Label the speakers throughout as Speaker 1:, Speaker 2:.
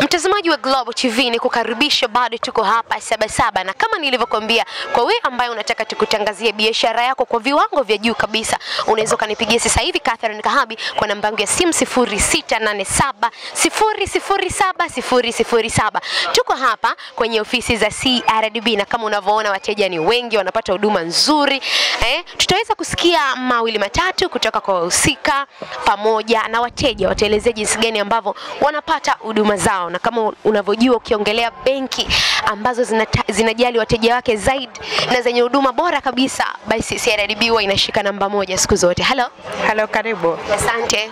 Speaker 1: Mtazamaji wa Global TV ni kukaribisha, bado tuko hapa Sabasaba, na kama nilivyokuambia, kwa wewe ambaye unataka tukutangazie biashara yako kwa viwango vya juu kabisa, unaweza ukanipigia sasa hivi Catherine Kahabi kwa namba yangu ya simu 0687007007. Tuko hapa kwenye ofisi za CRDB na kama unavyoona wateja ni wengi, wanapata huduma nzuri eh. Tutaweza kusikia mawili matatu kutoka kwa wahusika pamoja na wateja, wataelezea jinsi gani ambavyo wanapata huduma zao na kama unavyojua ukiongelea benki ambazo zinajali wateja wake zaidi na zenye huduma bora kabisa, basi CRDB huwa inashika namba moja siku zote. Halo,
Speaker 2: halo, karibu. Asante.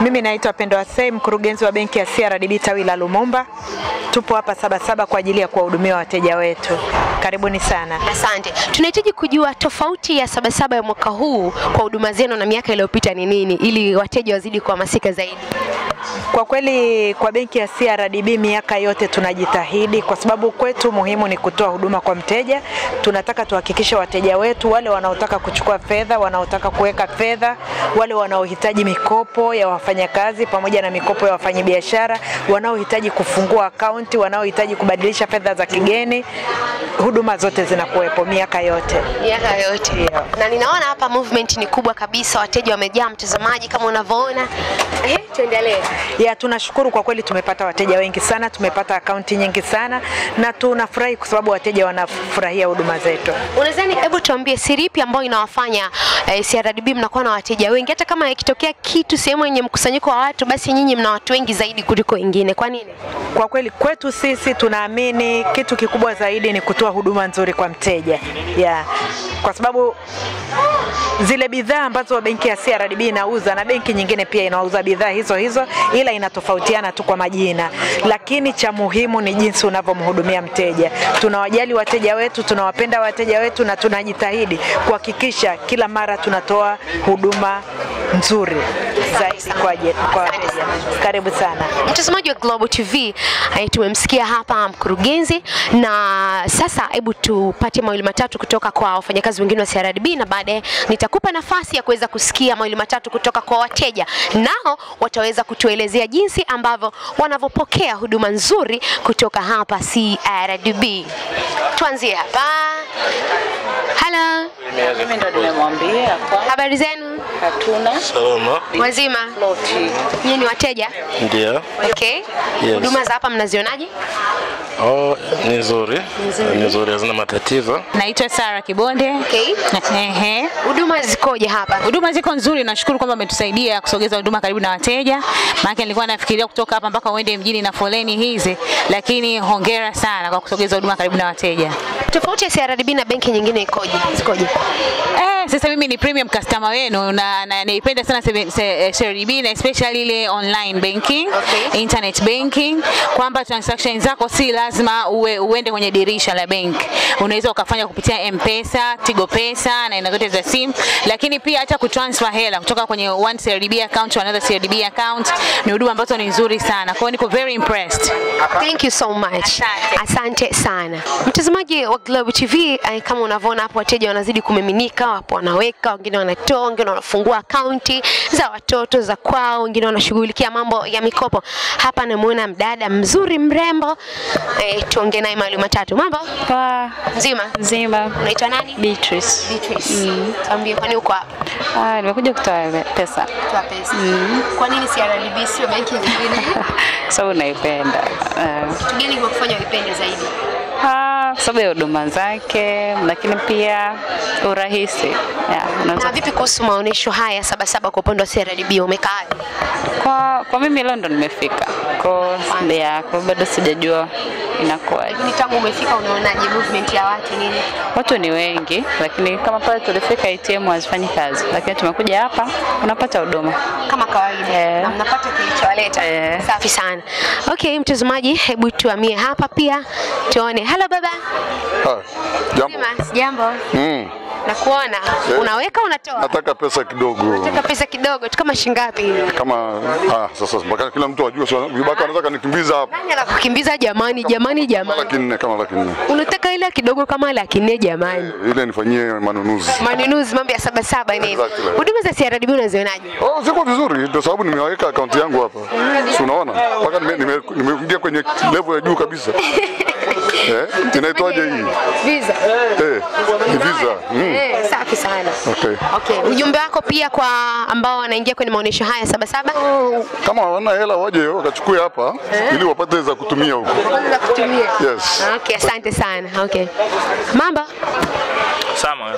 Speaker 2: Mimi naitwa Pendo Asei, mkurugenzi wa benki ya CRDB tawi la Lumumba. Tupo hapa Sabasaba kwa ajili ya kuwahudumia wateja wetu. Karibuni sana.
Speaker 1: Asante. Tunahitaji kujua tofauti ya Sabasaba ya mwaka huu kwa huduma zenu na miaka iliyopita ni nini, ili wateja wazidi kuhamasika zaidi.
Speaker 2: Kwa kweli kwa benki ya CRDB RDB miaka yote tunajitahidi, kwa sababu kwetu muhimu ni kutoa huduma kwa mteja. Tunataka tuhakikishe wateja wetu wale wanaotaka kuchukua fedha, wanaotaka kuweka fedha, wale wanaohitaji mikopo ya wafanyakazi pamoja na mikopo ya wafanyabiashara, wanaohitaji kufungua akaunti, wanaohitaji kubadilisha fedha za kigeni, huduma zote zinakuwepo miaka yote,
Speaker 1: miaka yote yeah. Na ninaona hapa movement ni kubwa kabisa, wateja wamejaa, mtazamaji kama unavyoona. Ehe, tuendelee.
Speaker 2: Yeah, tunashukuru kwa kweli, tumepata wateja wengi sana, tumepata akaunti nyingi sana na tunafurahi kwa sababu wateja wanafurahia huduma zetu.
Speaker 1: Unadhani, hebu tuambie siri ipi ambayo inawafanya eh, CRDB mnakuwa na wateja wengi, hata kama ikitokea kitu sehemu yenye mkusanyiko wa watu, basi nyinyi mna watu wengi zaidi kuliko wengine? Kwa nini?
Speaker 2: Kwa kweli kwetu sisi tunaamini kitu kikubwa zaidi ni kutu kutoa huduma nzuri kwa mteja yeah. Kwa sababu zile bidhaa ambazo benki ya CRDB inauza na benki nyingine pia inauza bidhaa hizo hizo, ila inatofautiana tu kwa majina, lakini cha muhimu ni jinsi unavyomhudumia mteja. Tunawajali wateja wetu, tunawapenda wateja wetu na tunajitahidi kuhakikisha kila mara tunatoa huduma nzuri zaidi kwa vijana. Karibu sana
Speaker 1: mtazamaji wa Global TV. Eh, tumemsikia hapa mkurugenzi, na sasa hebu tupate mawili matatu kutoka kwa wafanyakazi wengine wa CRDB, na baadaye nitakupa nafasi ya kuweza kusikia mawili matatu kutoka kwa wateja, nao wataweza kutuelezea jinsi ambavyo wanavyopokea huduma nzuri kutoka hapa CRDB. Tuanzie hapa Halo.
Speaker 3: Mimi ndo nimemwambia.
Speaker 1: Habari zenu?
Speaker 3: Hatuna.
Speaker 4: Salama.
Speaker 3: Noti.
Speaker 1: Nyinyi ni wateja? Ndio. Okay. Huduma yes. za hapa mnazionaje?
Speaker 4: Oh, ni nzuri. Ni nzuri, hazina matatizo.
Speaker 1: Naitwa Sara Kibonde. Okay. Ehe. Huduma zikoje hapa?
Speaker 2: Huduma ziko nzuri, nashukuru kwamba umetusaidia kusogeza huduma karibu na wateja. Maana nilikuwa nafikiria kutoka hapa mpaka uende mjini na foleni hizi, lakini hongera sana kwa kusogeza huduma karibu na wateja
Speaker 1: tofauti ya CRDB na benki nyingine ikoje? Zikoje?
Speaker 2: Eh, sasa mimi ni premium customer wenu na, na sana eh, Sherry B na especially ile online banking, okay. internet banking kwamba transactions zako si lazima uwe, uende kwenye dirisha la bank, Unaweza ukafanya kupitia M-Pesa, Tigo Pesa na aina zote za simu, lakini pia hata kutransfer hela kutoka kwenye one CRDB account to another CRDB account ni huduma ambazo ni nzuri sana. Kwa hiyo niko very impressed.
Speaker 1: Thank you so much. Asante, Asante sana. Mtazamaji wa Global TV, eh, kama unavyoona hapo wateja wanazidi kumiminika, wapo wanaweka, wengine wanatoa, wengine wanafungua akaunti za watoto za kwao, wengine wanashughulikia mambo ya mikopo. Hapa namuona mdada mzuri mrembo, e, tuongee naye mawili matatu. Mambo poa? Nzima nzima. Unaitwa nani? Beatrice. Beatrice. Mm. Tuambie, kwani uko hapa?
Speaker 5: Ah, nimekuja kutoa pesa.
Speaker 1: Kutoa pesa. Mm. Kwa nini CRDB sio benki
Speaker 5: nyingine? Kwa sababu naipenda.
Speaker 1: Kitu gani kwa kufanya uipende zaidi?
Speaker 5: Ah, sababu ya huduma zake, lakini pia urahisi.
Speaker 1: Yeah, na vipi kuhusu maonyesho haya Sabasaba kwa upande wa CRDB umekaa?
Speaker 5: Kwa, kwa mimi leo ndo nimefika kwa, ya, kwa bado sijajua inakuwaje.
Speaker 1: tangu umefika unaonaje movement ya watu nini?
Speaker 5: Watu ni wengi, lakini kama pale tulifika ATM hazifanyi kazi, lakini tumekuja hapa unapata huduma
Speaker 1: kama kawaida yeah. na mnapata kilichowaleta yeah. Safi sana. Okay, mtazamaji, hebu tuamie hapa pia tuone. Hello baba. Ah, jambo. Jambo. Mm. Nakuona. Yeah. Unaweka unatoa?
Speaker 6: Nataka pesa kidogo.
Speaker 1: Nataka pesa kidogo. Tu kama shilingi ngapi?
Speaker 6: Kama ah, sasa mpaka kila mtu ajue sio vibaka ah. anataka nikimbiza hapa.
Speaker 1: Nani anakukimbiza jamani? jamani jamani. Laki
Speaker 6: nne kama laki nne.
Speaker 1: Unataka ile kidogo kama laki nne jamani. Eh,
Speaker 6: ile nifanyie manunuzi.
Speaker 1: Manunuzi mambo ya saba saba ni. Exactly. Huduma za CRDB unazionaje?
Speaker 6: Oh, ziko vizuri. Ndio sababu nimeweka akaunti yangu hapa. Si unaona? Mpaka nimeingia nime, nime kwenye level ya juu kabisa. Eh, inaitwaje hii? Visa. Eh, visa.
Speaker 1: Mm. Eh, safi sana. Okay. Okay. Ujumbe wako pia kwa ambao wanaingia kwenye maonesho haya saba saba?
Speaker 6: Uh, kama wana hela waje wakachukue hapa eh, ili wapate za kutumia huko.
Speaker 1: Za kutumia. Yes. Okay, asante sana. Okay. Mamba.
Speaker 7: Sama.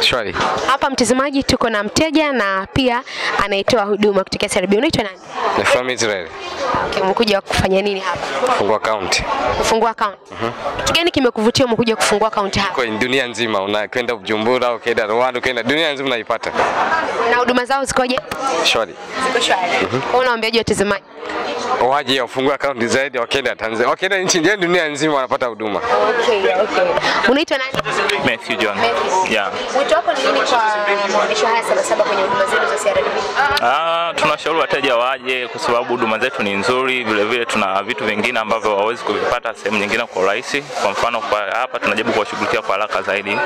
Speaker 8: Shwari.
Speaker 1: Hapa mtazamaji, tuko na mteja na pia anaitoa huduma kutoka CRB. Unaitwa nani?
Speaker 8: Nafahami Israel.
Speaker 1: Okay, umekuja kufanya nini hapa?
Speaker 8: Kufungua account. Kufungua account. Mm -hmm.
Speaker 1: Kitu gani kimekuvutia umekuja kufungua account hapa?
Speaker 8: Kwa dunia nzima unakwenda Bujumbura, ukaenda Rwanda, ukaenda dunia nzima unaipata.
Speaker 1: Na huduma zao zikoje? Shwari. Ziko shwari. Mm -hmm. Kwa unawaambiaje watazamaji?
Speaker 8: waje wafungue akaunti zaidi wakienda Tanzania, wakienda nchi nyingine, dunia nzima wanapata huduma.
Speaker 1: Okay, okay. Unaitwa nani? Matthew John. Matthew. Yeah. Wito wako ni nini kwa maonesho haya Sabasaba kwenye huduma zetu za CRDB?
Speaker 7: Ah, tunashauri wateja waje kwa sababu huduma zetu ni nzuri, vile vile tuna vitu vingine ambavyo hawawezi kuvipata sehemu nyingine kwa urahisi. Kwa mfano kwa hapa tunajaribu kuwashughulikia kwa haraka zaidi,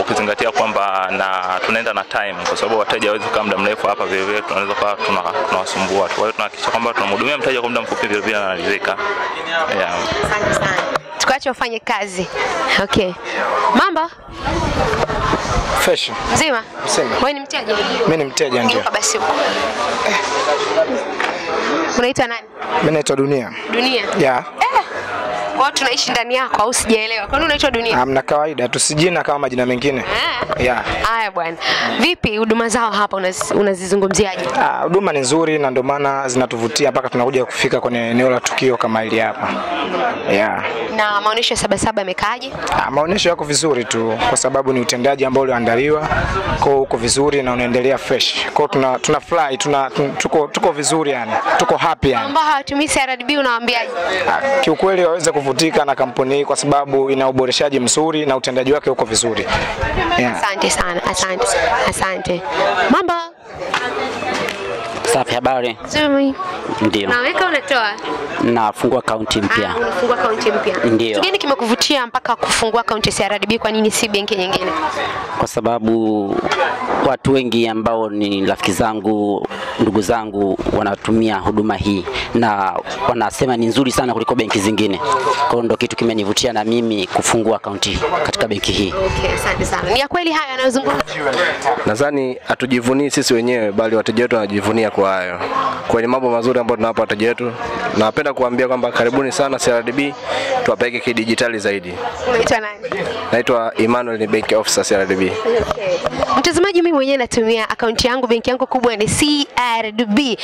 Speaker 7: ukizingatia kwamba na tunaenda na time, kwa sababu wateja hawawezi kukaa muda mrefu hapa, vile vile tunaweza kuwa tunawasumbua tu. Kwa hiyo tunahakikisha kwamba tunamhudumia mteja kwa muda mfupi vile vile analizika. Yeah.
Speaker 1: Asante sana. Tukuache ufanye kazi. Okay. Mambo? Fashion. Mzima? Mzima. Wewe ni mteja?
Speaker 9: Mimi ni mteja ndio.
Speaker 1: Basi huko. Eh. Unaitwa nani?
Speaker 9: Mimi naitwa Dunia. Dunia. Yeah. Eh
Speaker 1: ambao tunaishi ndani yako au sijaelewa. Kwa nini unaitwa Dunia?
Speaker 9: Ah, mna kawaida, tu, tusijina kama majina mengine. Ah. Yeah.
Speaker 1: Haya bwana. Vipi huduma zao hapa unazizungumziaje?
Speaker 9: Una ah, huduma ni nzuri na ndio maana zinatuvutia mpaka tunakuja kufika kwenye eneo la tukio kama hili hapa. Yeah.
Speaker 1: Na maonyesho ya Sabasaba yamekaaje?
Speaker 9: Ah, maonyesho yako vizuri tu kwa sababu ni utendaji ambao ulioandaliwa. Kwa hiyo uko vizuri na unaendelea fresh. Kwa tuna tuna fly, tuna tuko tuko vizuri yani. Tuko happy yani.
Speaker 1: Ambao hawatumii CRDB unawaambiaje?
Speaker 9: Ah, kiukweli waweze kuvutia kuvutika na kampuni hii kwa sababu ina uboreshaji mzuri na utendaji wake uko vizuri.
Speaker 1: Asante Yeah. sana, asante, asante. Mamba
Speaker 10: Safi, habari? Nzuri. Ndio.
Speaker 11: Naweka unatoa?
Speaker 10: Nafungua akaunti mpya.
Speaker 11: Unafungua ah, akaunti mpya.
Speaker 10: Ndio. Kitu gani
Speaker 1: kimekuvutia mpaka kufungua akaunti ya CRDB, kwa nini si benki nyingine?
Speaker 10: Kwa sababu watu wengi ambao ni rafiki zangu, ndugu zangu wanatumia huduma hii na wanasema ni nzuri sana kuliko benki zingine. Kwa hiyo ndo kitu kimenivutia na mimi kufungua akaunti katika benki hii.
Speaker 1: Okay, asante sana. Ni ya kweli haya yanayozungumzwa?
Speaker 9: Nadhani hatujivunii sisi wenyewe bali wateja wetu wanajivunia kwa kwa hayo kwenye mambo mazuri ambayo tunawapa wateja wetu. Napenda kuambia kwamba karibuni sana CRDB, tuwapeke kidijitali zaidi. Unaitwa nani? Naitwa Emmanuel, ni bank officer CRDB.
Speaker 1: Okay. Mtazamaji, mimi mwenyewe natumia akaunti yangu, benki yangu kubwa ni CRDB, ili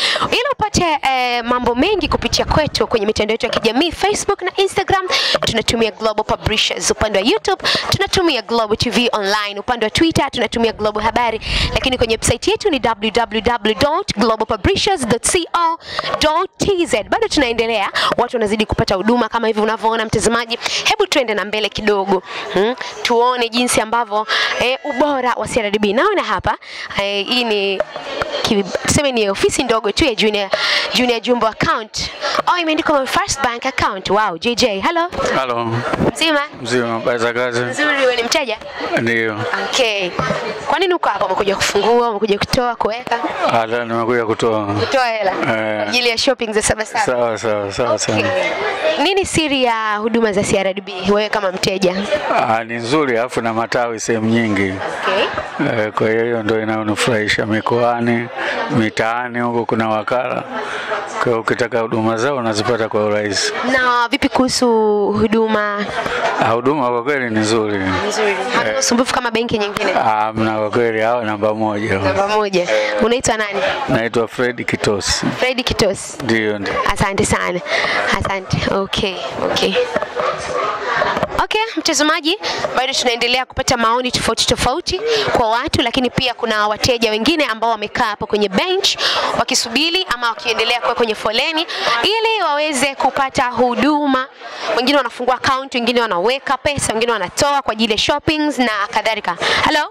Speaker 1: upate eh, mambo mengi kupitia kwetu kwenye mitandao yetu ya kijamii Facebook na Instagram. Tunatumia Global Publishers, upande wa YouTube tunatumia Global TV Online, upande wa Twitter tunatumia Global Habari, lakini kwenye website yetu ni www.global publishers.co.tz. Bado tunaendelea, watu wanazidi kupata huduma kama hivi unavyoona mtazamaji. Hebu tuende na mbele kidogo hmm? tuone jinsi ambavyo eh, ubora wa CRDB. Naona hapa eh, hii ni tuseme ni ofisi ndogo tu ya junior, junior jumbo account au oh, imeandikwa my first bank account. Wow, JJ, hello. Hello. Mzima?
Speaker 12: Mzima, habari za kazi?
Speaker 1: Nzuri, wewe ni mteja? Ndio. Okay. Kwa nini uko hapa? Umekuja kufungua, umekuja kutoa, kuweka?
Speaker 12: Ah, leo nimekuja kutoa.
Speaker 1: Kutoa hela. Eh. Kwa ajili ya shopping za saba saba.
Speaker 12: Sawa sawa sawa okay.
Speaker 1: Sawa. Nini siri ya huduma za CRDB wewe kama mteja?
Speaker 12: Ah, ni nzuri alafu na matawi sehemu nyingi.
Speaker 1: Okay.
Speaker 12: Eh, kwa hiyo ndio inayonifurahisha mikoani mitaani huko kuna wakala, kwa ukitaka huduma zao unazipata kwa urahisi.
Speaker 1: Na vipi kuhusu huduma?
Speaker 12: Ah, Huduma kwa kweli ni nzuri,
Speaker 1: nzuri. Hakuna eh. usumbufu kama benki nyingine.
Speaker 12: Ah, mna kwa kweli, hao namba moja.
Speaker 1: Namba moja. Unaitwa nani?
Speaker 12: Naitwa Fred Kitosi.
Speaker 1: Fred Kitosi. Ndio, ndio. Asante sana. Asante. Okay, okay. Okay, mtazamaji, bado tunaendelea kupata maoni tofauti tofauti kwa watu, lakini pia kuna wateja wengine ambao wamekaa hapo kwenye bench wakisubiri ama wakiendelea kuwa kwenye foleni ili waweze kupata huduma. Wengine wanafungua account, wengine wanaweka pesa, wengine wanatoa kwa ajili ya shoppings na kadhalika. Hello?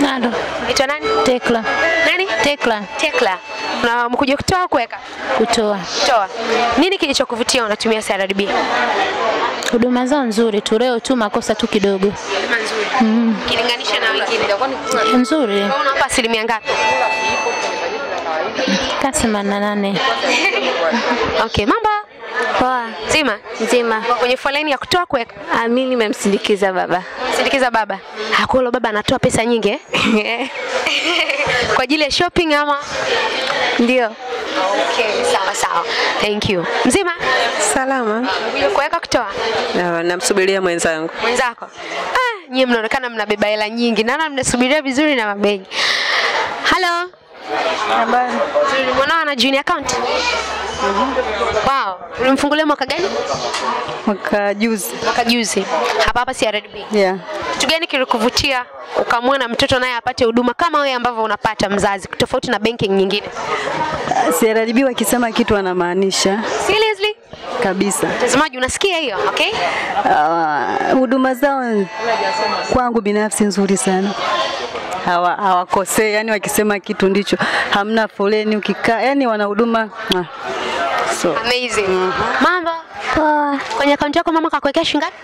Speaker 1: Nando. Unaitwa nani? Tekla. Nani? Tekla. Tekla. Na mkuja kutoa kuweka? Kutoa. Kutoa. Nini kilichokuvutia unatumia CRDB?
Speaker 13: Huduma zao nzuri tu, leo tu makosa tu kidogo.
Speaker 1: Huduma nzuri. Mm. na wengine itakuwa
Speaker 13: ni nzuri.
Speaker 1: asilimia ngapi? okay, mambo Poa. Nzima?
Speaker 14: Nzima. Kwenye
Speaker 1: foleni ya kutoa kuweka?
Speaker 14: Ah, mimi nimemsindikiza baba.
Speaker 1: Sindikiza baba. Hakulo baba anatoa pesa nyingi eh? Kwa ajili ya shopping ama? Ndio. Okay, sawa sawa. Thank you. Mzima? Salama. Kuweka kutoa?
Speaker 15: Namsubiria na mwenzangu.
Speaker 1: Mwenzako? Ah, nyie mnaonekana mnabeba hela nyingi. Naona mnasubiria vizuri na mabengi. Hello. Habari. Mwanao ana junior account? Wow, ulimfungulia mwaka gani?
Speaker 16: Mwaka juzi.
Speaker 1: Mwaka juzi. Hapa hapa CRDB. Yeah. Kitu gani kilikuvutia ukamua na mtoto naye apate huduma kama wewe ambavyo unapata mzazi tofauti na banking nyingine? Uh,
Speaker 16: ah, CRDB wakisema kitu wanamaanisha. Seriously? Kabisa.
Speaker 1: Mtazamaji unasikia hiyo, okay?
Speaker 16: Ah, huduma uh, zao kwangu binafsi nzuri sana hawa hawakosei, yani wakisema kitu ndicho, hamna foleni ukikaa, yani wana huduma ah.
Speaker 1: So, amazing. Uh mhm. -huh. Mambo? Poa. Kwenye akaunti yako mama kakuwekea shilingi ngapi?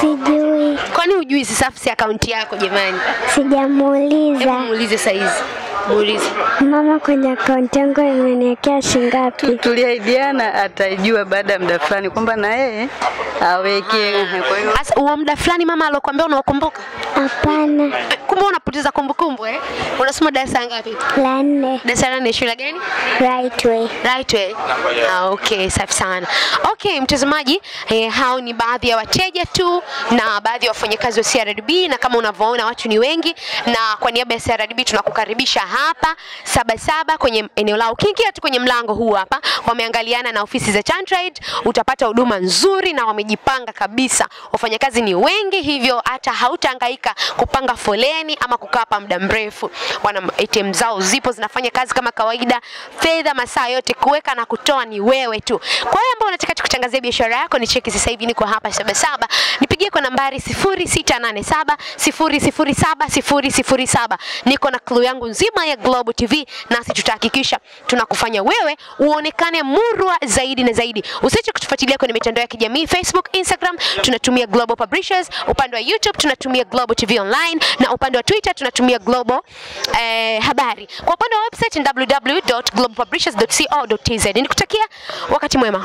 Speaker 17: Sijui.
Speaker 1: Kwani hujui si si akaunti yako jamani?
Speaker 17: Sijamuuliza.
Speaker 1: Hebu muulize saizi muulize
Speaker 17: mama, kwenye akaunti yangu imeniwekea shingapi?
Speaker 16: Tuliahidiana ataijua baada ya muda fulani kwamba na yeye aweke.
Speaker 1: Kwa hiyo sasa, huo muda fulani mama alokuambia unaokumbuka?
Speaker 17: Hapana. Eh,
Speaker 1: kumbe unapoteza kumbukumbu eh? Unasoma darasa ngapi? La nne. Darasa la nne, shule gani?
Speaker 17: Right way.
Speaker 1: Right way. Ah, okay, safi sana. Okay, mtazamaji, eh, hao ni baadhi ya wateja tu na baadhi ya wafanyakazi wa CRDB, na kama unavyoona watu ni wengi, na kwa niaba ya CRDB tunakukaribisha hapa Sabasaba kwenye eneo lao. Ukiingia tu kwenye mlango huu hapa, wameangaliana na ofisi za Chantrade, utapata huduma nzuri na wamejipanga kabisa. Wafanyakazi ni wengi, hivyo hata hautahangaika kupanga foleni ama kukaa hapa muda mrefu. Wana ATM zao zipo zinafanya kazi kama kawaida, fedha masaa yote, kuweka na kutoa ni wewe tu. Kwa hiyo ambao unataka tukutangazia biashara yako, ni cheki sasa hivi, niko hapa Sabasaba nipigie kwa nambari 0687007007. Niko na clue yangu nzima ya Global TV, nasi tutahakikisha tunakufanya wewe uonekane murwa zaidi na zaidi. Usiache kutufuatilia kwenye mitandao ya kijamii Facebook, Instagram tunatumia Global Publishers, upande wa YouTube tunatumia Global TV Online na upande wa Twitter tunatumia Global eh, Habari. Kwa upande wa website www.globalpublishers.co.tz. Nikutakia wakati mwema.